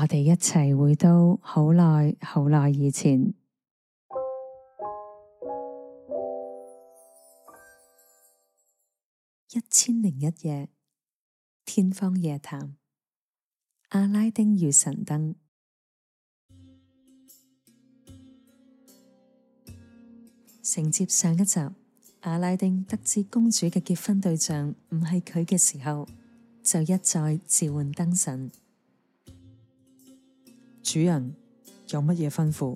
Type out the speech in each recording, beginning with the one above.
我哋一齊回到好耐好耐以前，《一千零一夜》天方夜譚，阿拉丁與神燈。承 接上一集，阿拉丁得知公主嘅結婚對象唔係佢嘅時候，就一再召喚燈神。主人，有乜嘢吩咐？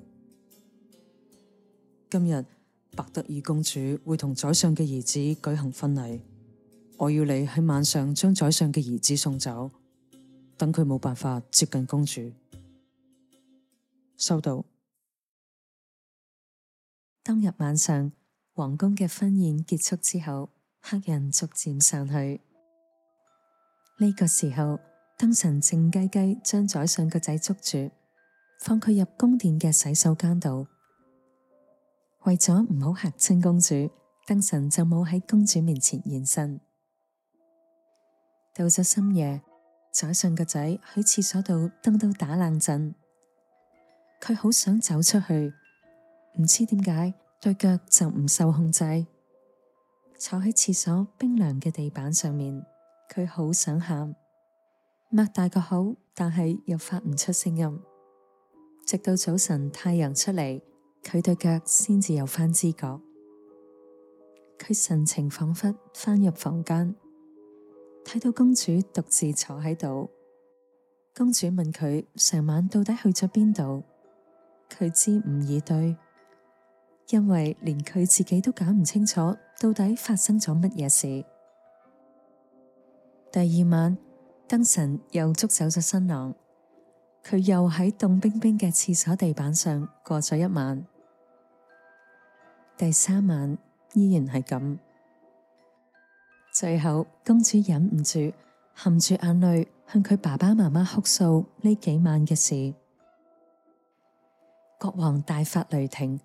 今日白德爾公主會同宰相嘅兒子舉行婚禮，我要你喺晚上將宰相嘅兒子送走，等佢冇辦法接近公主。收到。當日晚上，皇宮嘅婚宴結束之後，客人逐漸散去。呢、這個時候，燈神靜雞雞將宰相個仔捉住。放佢入宮殿嘅洗手間度，為咗唔好吓親公主，燈神就冇喺公主面前現身。到咗深夜，宰相個仔喺廁所度登到打冷震，佢好想走出去，唔知點解對腳就唔受控制，坐喺廁所冰涼嘅地板上面，佢好想喊，擘大個口，但係又發唔出聲音。直到早晨，太陽出嚟，佢對腳先至有返知覺。佢神情恍惚，返入房間，睇到公主獨自坐喺度。公主問佢成晚到底去咗邊度，佢支吾以對，因為連佢自己都搞唔清楚到底發生咗乜嘢事。第二晚燈神又捉走咗新郎。佢又喺凍冰冰嘅廁所地板上過咗一晚，第三晚依然係咁。最後，公主忍唔住，含住眼淚向佢爸爸媽媽哭訴呢幾晚嘅事。國王大發雷霆，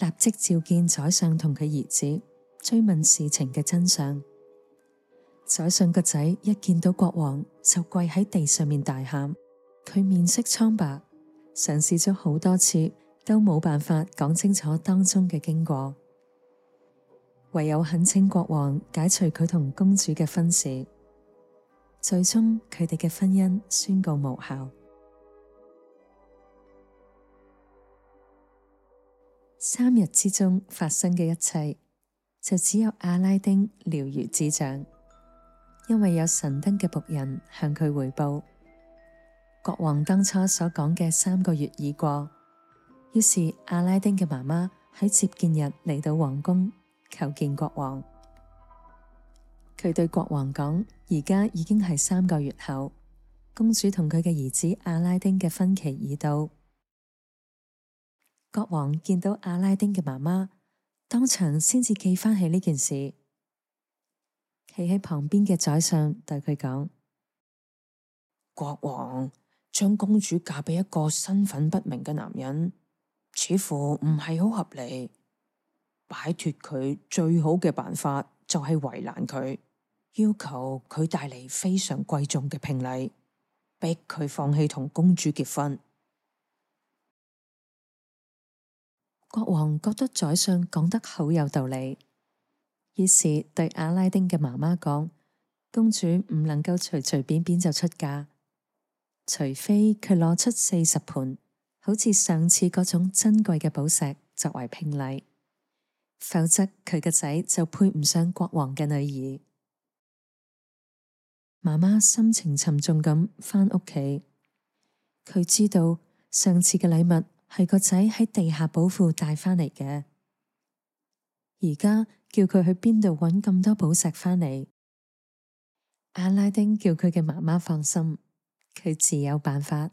立即召見宰相同佢兒子，追問事情嘅真相。宰相個仔一見到國王就跪喺地上面大喊。佢面色蒼白，嘗試咗好多次，都冇辦法講清楚當中嘅經過，唯有懇請國王解除佢同公主嘅婚事。最終，佢哋嘅婚姻宣告無效。三日之中發生嘅一切，就只有阿拉丁了如指掌，因為有神燈嘅僕人向佢匯報。國王當初所講嘅三個月已過，於是阿拉丁嘅媽媽喺接見日嚟到皇宮求見國王。佢對國王講：而家已經係三個月後，公主同佢嘅兒子阿拉丁嘅婚期已到。國王見到阿拉丁嘅媽媽，當場先至記翻起呢件事。企喺旁邊嘅宰相對佢講：國王。將公主嫁俾一個身份不明嘅男人，似乎唔係好合理。擺脫佢最好嘅辦法就係為難佢，要求佢帶嚟非常貴重嘅聘禮，逼佢放棄同公主結婚。國王覺得宰相講得好有道理，於是對阿拉丁嘅媽媽講：公主唔能夠隨隨便便便就出嫁。除非佢攞出四十盤，好似上次嗰種珍貴嘅寶石作為聘禮，否則佢嘅仔就配唔上國王嘅女兒。媽媽心情沉重咁返屋企，佢知道上次嘅禮物係個仔喺地下寶庫帶返嚟嘅，而家叫佢去邊度揾咁多寶石返嚟？阿拉丁叫佢嘅媽媽放心。佢自有辦法。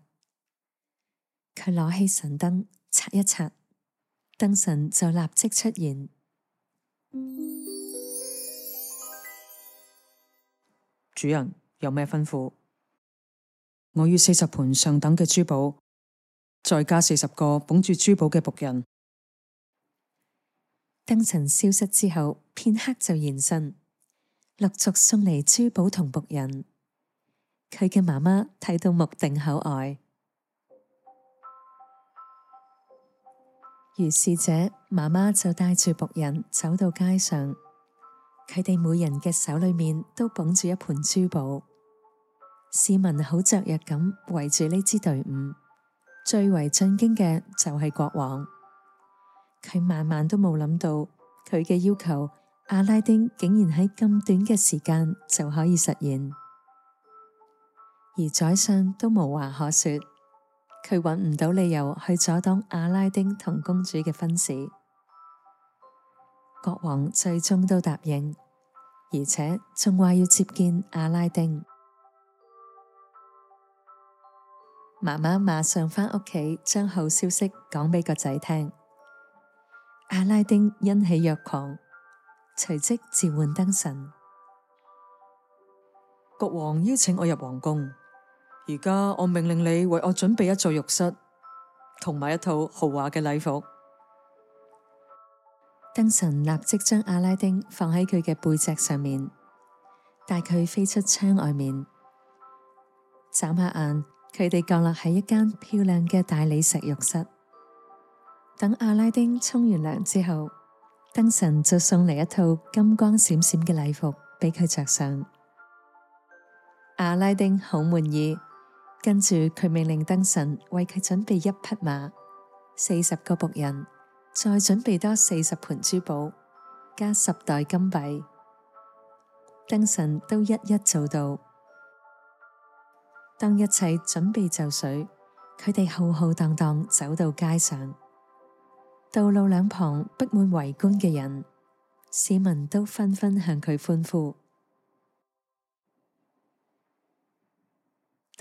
佢攞起神燈擦一擦，燈神就立即出現。主人有咩吩咐？我要四十盤上等嘅珠寶，再加四十個捧住珠寶嘅僕人。燈神消失之後，片刻就現身，陸續送嚟珠寶同僕人。佢嘅媽媽睇到目定口呆，於是者媽媽就帶住僕人走到街上，佢哋每人嘅手裏面都捧住一盤珠寶。市民好雀躍咁圍住呢支隊伍，最為震驚嘅就係國王，佢萬萬都冇諗到佢嘅要求阿拉丁竟然喺咁短嘅時間就可以實現。而宰相都無話可說，佢揾唔到理由去阻擋阿拉丁同公主嘅婚事。國王最終都答應，而且仲話要接見阿拉丁。媽媽馬上返屋企，將好消息講畀個仔聽。阿拉丁欣喜若狂，隨即召喚燈神。國王邀請我入皇宮。而家我命令你為我準備一座浴室，同埋一套豪華嘅禮服。燈神立即將阿拉丁放喺佢嘅背脊上面，帶佢飛出窗外面，眨下眼，佢哋降落喺一間漂亮嘅大理石浴室。等阿拉丁沖完涼之後，燈神就送嚟一套金光閃閃嘅禮服俾佢着上。阿拉丁好滿意。跟住佢命令燈神為佢準備一匹馬，四十個僕人，再準備多四十盤珠寶，加十袋金幣。燈神都一一做到。當一切準備就緒，佢哋浩浩蕩蕩走到街上，道路兩旁逼滿圍觀嘅人，市民都紛紛向佢歡呼。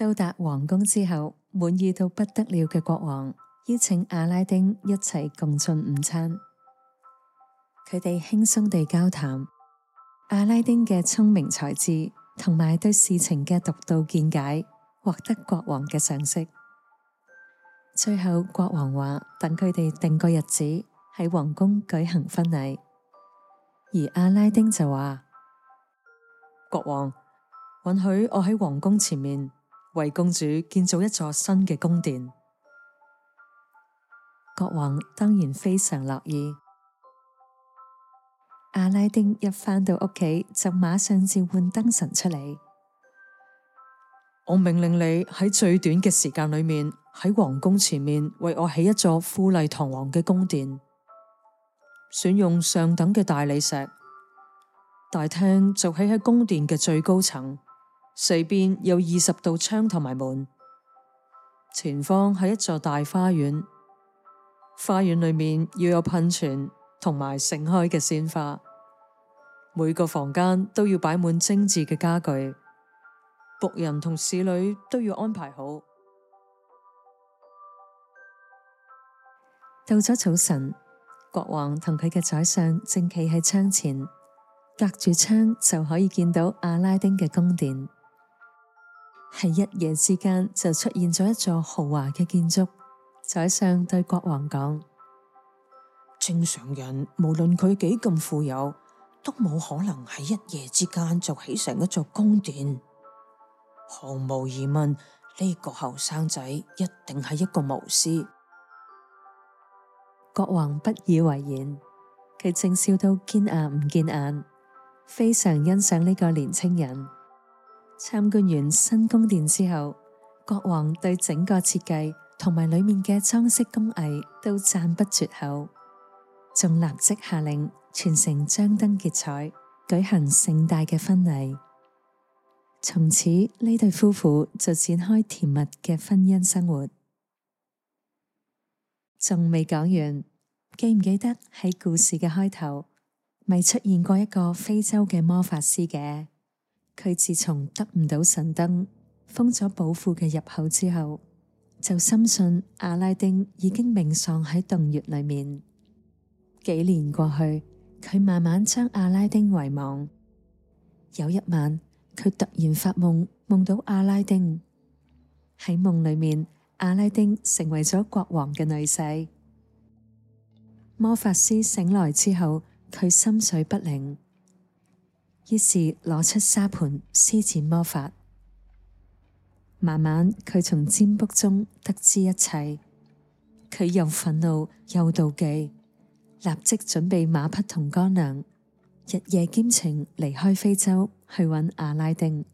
到達皇宮之後，滿意到不得了嘅國王邀請阿拉丁一齊共進午餐。佢哋輕鬆地交談，阿拉丁嘅聰明才智同埋對事情嘅獨到見解，獲得國王嘅賞識。最後，國王話：等佢哋定個日子喺皇宮舉行婚禮。而阿拉丁就話：國王，允許我喺皇宮前面。為公主建造一座新嘅宮殿，國王當然非常樂意。阿拉丁一返到屋企，就馬上召喚燈神出嚟。我命令你喺最短嘅時間裏面，喺皇宮前面為我起一座富麗堂皇嘅宮殿，選用上等嘅大理石。大廳就起喺宮殿嘅最高層。四邊有二十道窗同埋門，前方係一座大花園，花園裏面要有噴泉同埋盛開嘅鮮花。每個房間都要擺滿精致嘅家具，僕人同侍女都要安排好。到咗早晨，國王同佢嘅宰相正企喺窗前，隔住窗就可以見到阿拉丁嘅宮殿。喺一夜之間就出現咗一座豪華嘅建築。宰相對國王講：正常人無論佢幾咁富有，都冇可能喺一夜之間就起成一座宮殿。毫無疑問，呢個後生仔一定係一個巫師。國王不以為然，佢正笑到見牙唔見眼，非常欣賞呢個年青人。參觀完新宮殿之後，國王對整個設計同埋裏面嘅裝飾工藝都讚不絕口，仲立即下令全城張燈結綵，舉行盛大嘅婚禮。從此呢對夫婦就展開甜蜜嘅婚姻生活。仲未講完，記唔記得喺故事嘅開頭咪出現過一個非洲嘅魔法師嘅？佢自從得唔到神燈，封咗寶庫嘅入口之後，就深信阿拉丁已經命喪喺洞穴裏面。幾年過去，佢慢慢將阿拉丁遺忘。有一晚，佢突然發夢，夢到阿拉丁。喺夢裏面，阿拉丁成為咗國王嘅女婿。魔法師醒來之後，佢心水不寧。於是攞出沙盤施展魔法，慢慢佢從占卜中得知一切。佢又憤怒又妒忌，立即準備馬匹同乾糧，日夜兼程離開非洲去搵阿拉丁。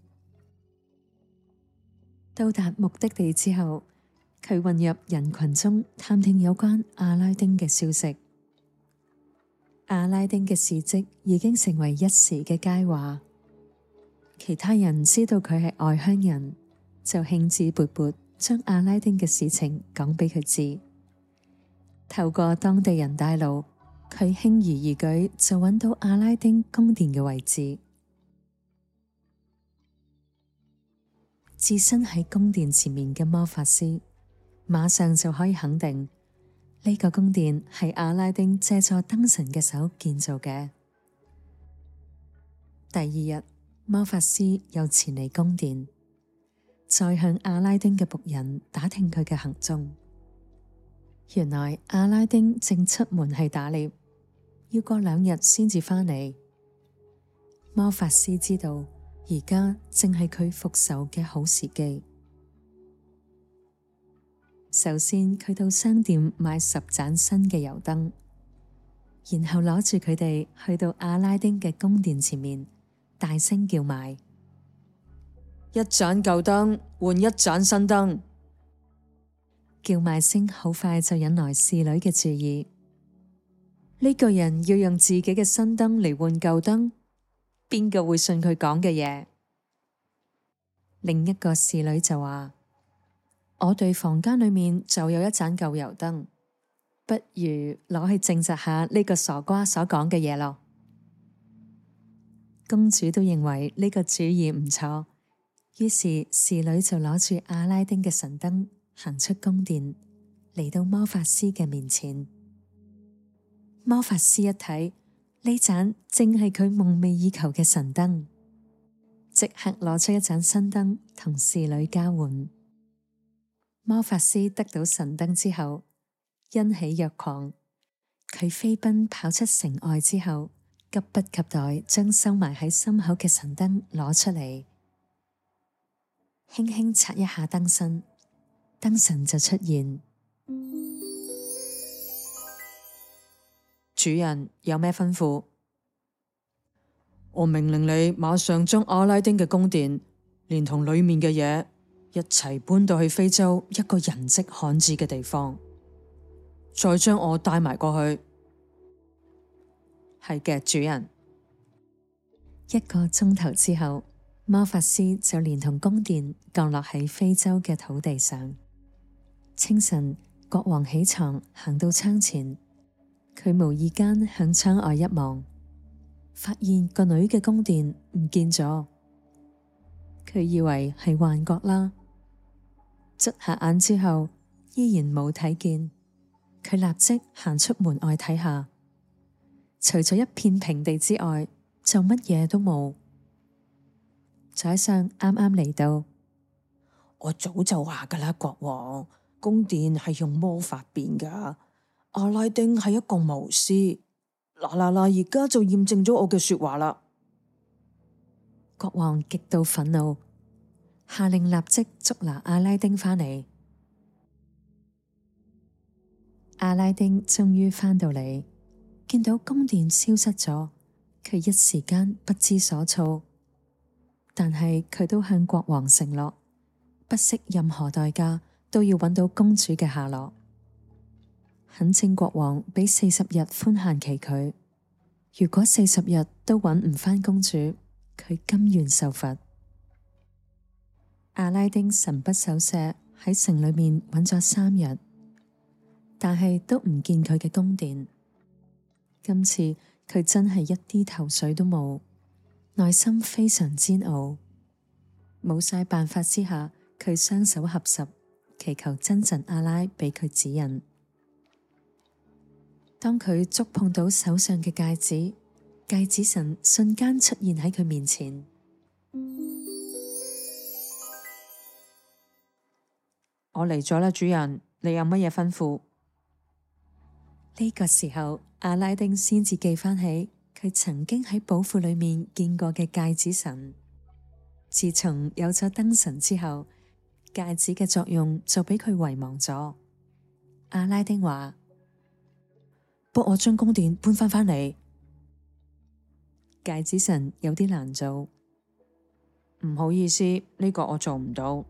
到達目的地之後，佢混入人群中探聽有關阿拉丁嘅消息。阿拉丁嘅事蹟已經成為一時嘅佳話，其他人知道佢係外鄉人，就興致勃勃將阿拉丁嘅事情講俾佢知。透過當地人帶路，佢輕而易舉就揾到阿拉丁宮殿嘅位置。置身喺宮殿前面嘅魔法師，馬上就可以肯定，呢個宮殿係阿拉丁借助燈神嘅手建造嘅。第二日，魔法師又前嚟宮殿，再向阿拉丁嘅僕人打聽佢嘅行蹤。原來阿拉丁正出門去打獵，要過兩日先至返嚟。魔法師知道，而家正係佢復仇嘅好時機。首先，佢到商店買十盞新嘅油燈，然後攞住佢哋去到阿拉丁嘅宮殿前面，大聲叫賣：一盞舊燈換一盞新燈。叫賣聲好快就引來侍女嘅注意。呢個人要用自己嘅新燈嚟換舊燈，邊個會信佢講嘅嘢？另一個侍女就話。我哋房間裏面就有一盞舊油燈，不如攞去證實下呢個傻瓜所講嘅嘢咯。公主都認為呢個主意唔錯，於是侍女就攞住阿拉丁嘅神燈行出宮殿，嚟到魔法師嘅面前。魔法師一睇，呢盞正係佢夢寐以求嘅神燈，即刻攞出一盞新燈同侍女交換。魔法師得到神燈之後，欣喜若狂。佢飛奔跑出城外之後，急不及待將收埋喺心口嘅神燈攞出嚟，輕輕擦一下燈身，燈神就出現。主人有咩吩咐？我命令你馬上將阿拉丁嘅宮殿連同裏面嘅嘢。一齊搬到去非洲一個人迹罕至嘅地方，再將我帶埋過去。係嘅，主人。一個鐘頭之後，魔法師就連同宮殿降落喺非洲嘅土地上。清晨，國王起床，行到窗前，佢無意間向窗外一望，發現個女嘅宮殿唔見咗。佢以為係幻覺啦。捽下眼之後，依然冇睇見，佢立即行出門外睇下，除咗一片平地之外，就乜嘢都冇。宰相啱啱嚟到，我早就話㗎啦，國王，宮殿係用魔法變㗎，阿拉丁係一個巫師，嗱嗱嗱，而家就驗證咗我嘅說話啦！國王極度憤怒。下令立即捉拿阿拉丁翻嚟。阿拉丁終於翻到嚟，見到宮殿消失咗，佢一時間不知所措。但係佢都向國王承諾，不惜任何代價都要揾到公主嘅下落。懇請國王俾四十日寬限期佢，如果四十日都揾唔翻公主，佢甘願受罰。阿拉丁神不守舍，喺城裏面揾咗三日，但係都唔見佢嘅宮殿。今次佢真係一啲頭緒都冇，內心非常煎熬。冇晒辦法之下，佢雙手合十，祈求真神阿拉俾佢指引。當佢觸碰到手上嘅戒指，戒指神瞬間出現喺佢面前。我嚟咗啦，主人，你有乜嘢吩咐？呢個時候，阿拉丁先至記返起佢曾經喺寶庫裏面見過嘅戒指神。自從有咗燈神之後，戒指嘅作用就俾佢遺忘咗。阿拉丁話：幫我將宮殿搬返返嚟。戒指神有啲難做，唔好意思，呢個我做唔到。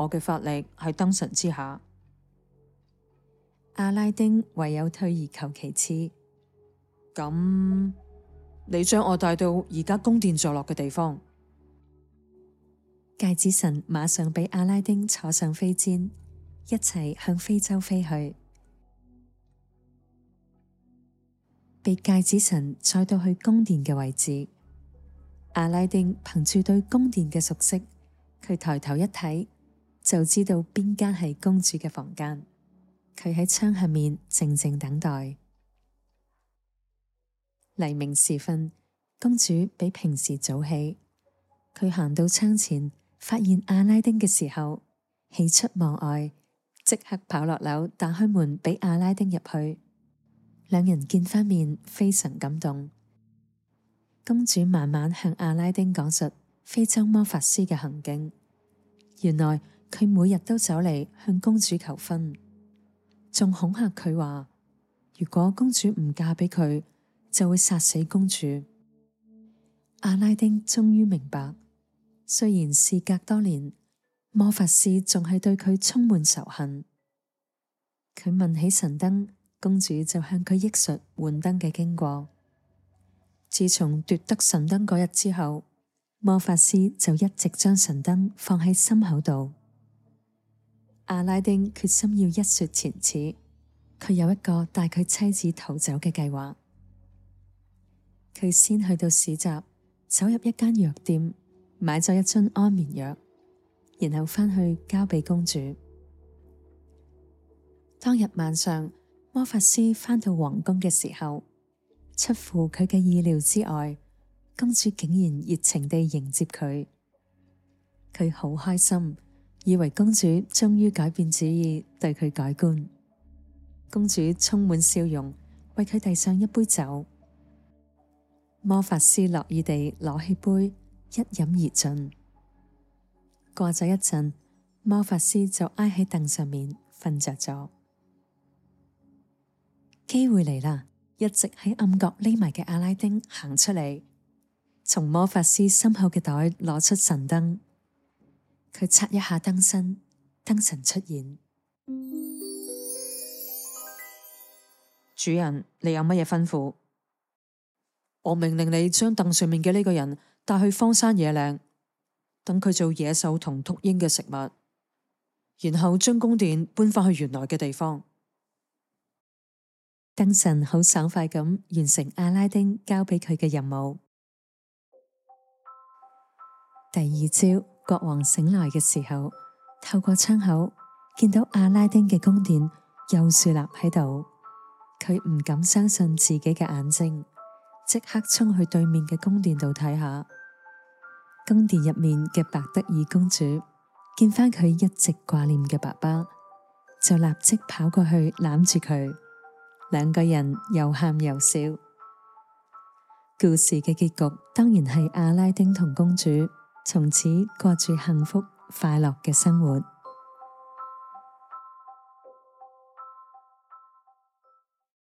我嘅法力喺燈神之下，阿拉丁唯有退而求其次。咁你將我帶到而家宮殿坐落嘅地方。戒指神馬上俾阿拉丁坐上飛氈，一齊向非洲飛去。被戒指神載到去宮殿嘅位置，阿拉丁憑住對宮殿嘅熟悉，佢抬頭一睇。就知道邊間係公主嘅房間。佢喺窗下面靜靜等待。黎明時分，公主比平時早起。佢行到窗前，發現阿拉丁嘅時候，喜出望外，即刻跑落樓打開門俾阿拉丁入去。兩人見翻面，非常感動。公主慢慢向阿拉丁講述非洲魔法師嘅行徑，原來。佢每日都走嚟向公主求婚，仲恐嚇佢話：如果公主唔嫁俾佢，就會殺死公主。阿拉丁終於明白，雖然事隔多年，魔法師仲係對佢充滿仇恨。佢問起神燈，公主就向佢憶述換燈嘅經過。自從奪得神燈嗰日之後，魔法師就一直將神燈放喺心口度。阿拉丁決心要一雪前恥。佢有一個帶佢妻子逃走嘅計劃。佢先去到市集，走入一間藥店，買咗一樽安眠藥，然後返去交俾公主。當日晚上，魔法師返到皇宮嘅時候，出乎佢嘅意料之外，公主竟然熱情地迎接佢。佢好開心。以為公主終於改變主意，對佢改觀，公主充滿笑容，為佢遞上一杯酒。魔法師樂意地攞起杯，一飲而盡。過咗一陣，魔法師就挨喺凳上面瞓着咗。機會嚟啦！一直喺暗角匿埋嘅阿拉丁行出嚟，從魔法師心口嘅袋攞出神燈。佢擦一下燈身，燈神出現。主人，你有乜嘢吩咐？我命令你將凳上面嘅呢個人帶去荒山野嶺，等佢做野獸同禿鷹嘅食物，然後將宮殿搬翻去原來嘅地方。燈神好爽快咁完成阿拉丁交俾佢嘅任務。第二朝。國王醒來嘅時候，透過窗口見到阿拉丁嘅宮殿又豎立喺度，佢唔敢相信自己嘅眼睛，即刻衝去對面嘅宮殿度睇下。宮殿入面嘅白德爾公主見返佢一直掛念嘅爸爸，就立即跑過去攬住佢，兩個人又喊又笑。故事嘅結局當然係阿拉丁同公主，從此過住幸福快樂嘅生活。